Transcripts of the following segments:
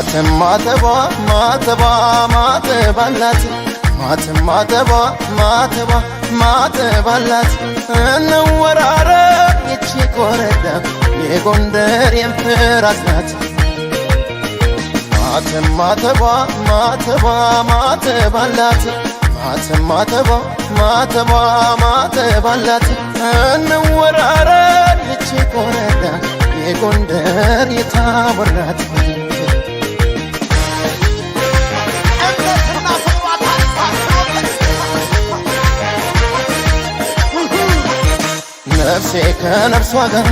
ማተም ማተቧ ማተቧ ማተብ አላት ማተም ማተቧ ማተቧ ማተብ አላት እንወራረ ይቺ ኮረዳ የጎንደር የምትራስ ናት። ማተም ማተቧ ማተቧ ማተብ አላት ማተም ማተቧ ማተቧ ማተብ አላት እንወራረ ይቺ ኮረዳ የጎንደር የታቦር ነፍሴ ከነፍሷ ጋር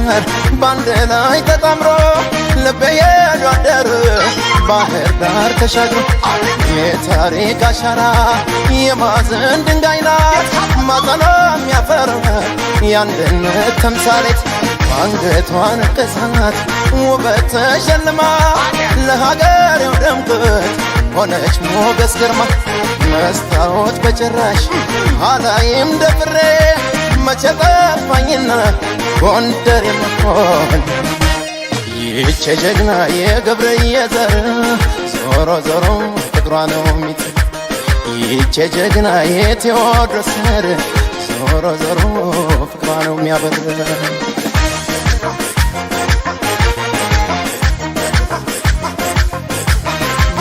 ባንድ ላይ ተጣምሮ ልቤ የሉ አደር ባህር ዳር ተሻግሮ የታሪክ አሻራ የማዘን ድንጋይ ናት ማጠኗ የሚያፈራ የአንድነት ተምሳሌት አንገቷ ቅሳት ውበት ተሸልማ ለሀገር የውደምቅት ሆነች ሞገስ ግርማ መስታወት በጭራሽ አላይም ደፍሬ መቼ ጠፋኝና ጎንደር የመኮን ይህች ጀግና የገብረየ ዘር ዞሮ ዞሮ ፍቅሯ ነው ሚጥል ይህች ጀግና የቴዎድሮስ ዘር ዞሮ ዞሮ ፍቅሯ ነው የሚያበር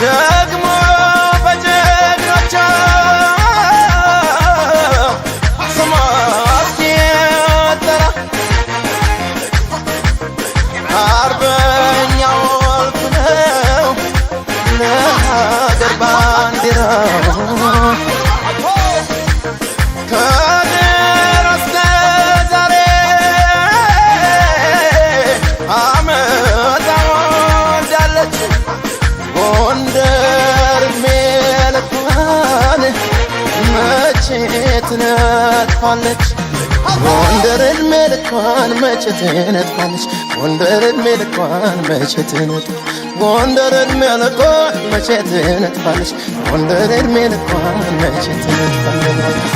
ደግሞ ትነጥፋለች ጎንደር እድሜ ልኳን መቼ ትነጥፋለች ጎንደር እድሜ ልኳን መቼ ትነጥፋለች ጎንደር እድሜ ልኳን መቼ ትነጥፋለች ጎንደር እድሜ ልኳን መቼ ትነጥፋለች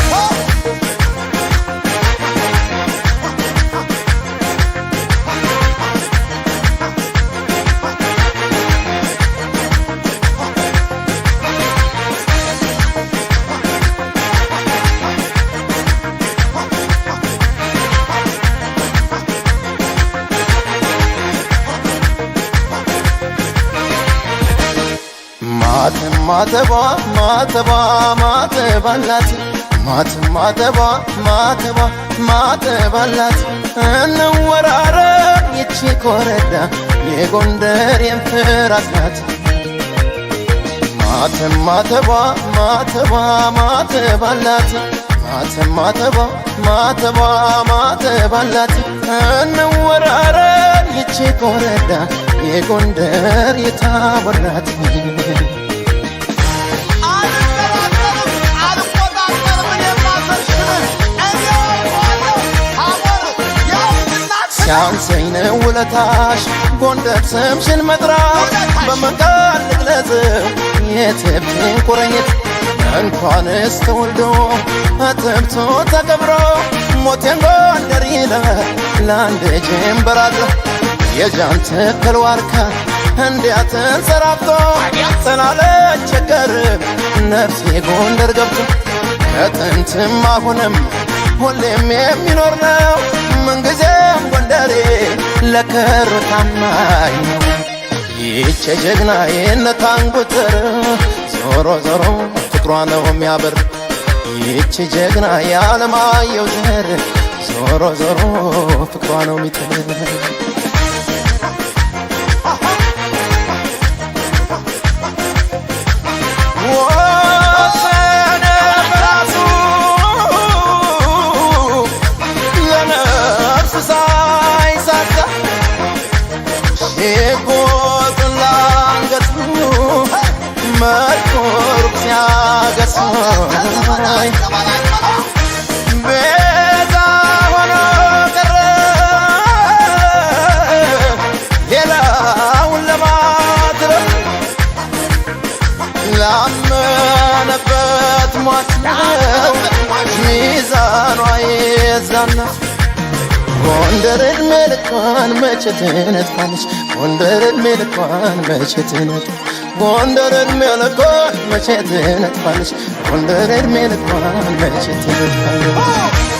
ማተቧ ማተቧ ማተብ አላት ማት ማተቧ ማተቧ ማተብ አላት እንወራረን ይቺ ኮረዳ የጎንደር የምትራስ ናት። ማት ማተቧ ማተቧ ማተብ አላት ማት ማተቧ ማተቧ ማተብ አላት እንወራረን ይቺ ኮረዳ የጎንደር የታወራት ሲያንሰኝ ነው ውለታሽ ጎንደር ስምሽን መጥራት በመቃል ልግለጽው የትብትን ቁርኝት እንኳንስ ተወልዶ አጥብቶ ተከብሮ ሞቴን ጎንደር ይለ ለአንድ ጀንበራት የጃንተከል ዋርካ እንዲያትን ሰራብቶ ጸናለች ቸገር ነፍሴ ጎንደር ገብቶ ከጥንትም አሁንም ሁሌም የሚኖር ነው ምንጊዜም ጎንደሬ ለክሩ ታማኝ ነው። ጀግና የነታን ጉትር ዞሮ ዞሮ ፍቅሯ ነው የሚያብር። ይህች ጀግና የዓለማየሁ ዘር ዞሮ ዞሮ ፍቅሯ ነው የሚጥል ኤቆስላ ገጹ መርቆር ሲያገጹ ቤዛ ሆኖ ቀረ ሌላውን ለማድረስ ላመነበት ሟች ሚዛኗ የዛናት ጎንደር እድሜ ልኳን መቼ ትነጥፋለች? ጎንደር እድሜ ልኳን መቼ ትነጥፋለች? ጎንደር እድሜ ልኳን መቼ ትነጥፋለች? ጎንደር እድሜ ልኳን መቼ ትነጥፋለች?